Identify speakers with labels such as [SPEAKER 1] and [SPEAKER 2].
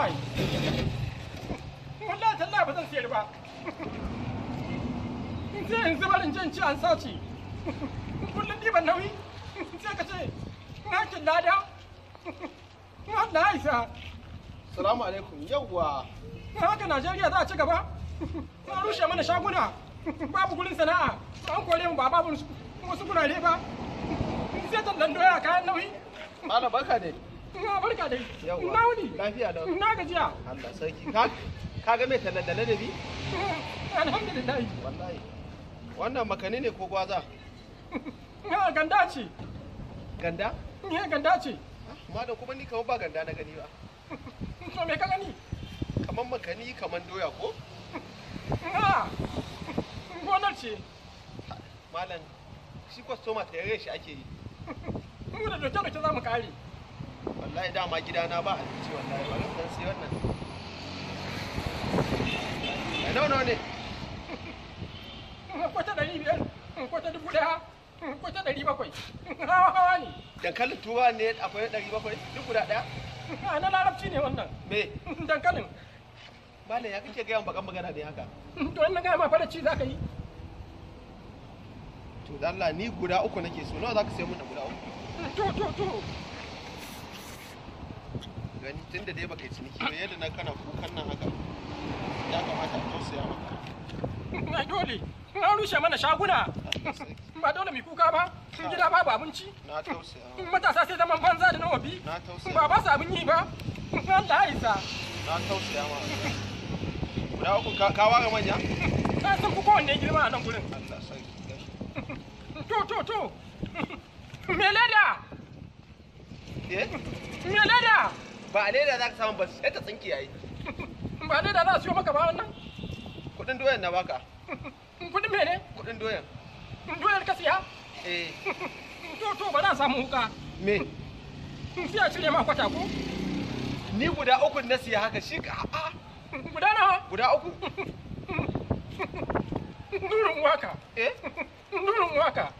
[SPEAKER 1] kai wallahi tallahi ba zan ba in sai in je in ci an sace kullum nauyi sai ka ce lada salamu alaikum yawwa haka najeriya za a ci gaba an rushe mana shaguna babu gurin sana'a an kore mu ba babu wasu gurare ba sai doya kayan nauyi malam baka ne Ina barka dai. Ina wuni. Lafiya lau. Ina gajiya. Allah sarki. Ka ka ga me tallan da ladabi? Alhamdulillah. Wallahi. Wannan makani ne ko gwaza? Ina eh, ganda ce. Ganda? Ina eh, ganda ce. Ma da kuma ni kamar ba ganda na gani ba. To me ka gani? Kamar makani kamar doya ko? Ina. Ah, gonar ce. Malam, shi kwastoma ta yare shi ake yi. Mu da doke-doke za mu kare. wallahi dama gidana ba a abinci wallahi ba dan sai wannan ai no no ne kwata ɗari biyar kwata dubu ɗaya kwata ɗari bakwai hawa hawa ne dankalin tuwa ne akwai ɗari bakwai duk guda a ah, na larabci ne wannan me dankalin bale ya kake ga yan bakan magana ne haka to wannan ga ma farci za ka yi to Allah ni guda uku nake so nawa zaka ka sai mun da guda uku to to to gani tunda dai baka ciniki ba yadda na kana kukan nan haka ya kamata a tausaya maka na dole na rushe mana shaguna ba dole mu kuka ba sun gida babu abinci na tausaya matasa sai zaman banza da na wabi ba ba su abin yi ba an da haisa na tausaya ma guda uku ka waga manya ka san ku kowanne girma a nan gurin to to to me leda eh me ba a leda za ka samu ba sai ta tsinki yayi ba leda za a siyo maka ba wannan kudin doyan na baka kudin mene kudin doyan doyan ka siya eh to to ba za samu huka me Siya a cire ma kwata ko ni guda uku na siya haka shi ka a guda nawa guda uku nurin waka eh nurin waka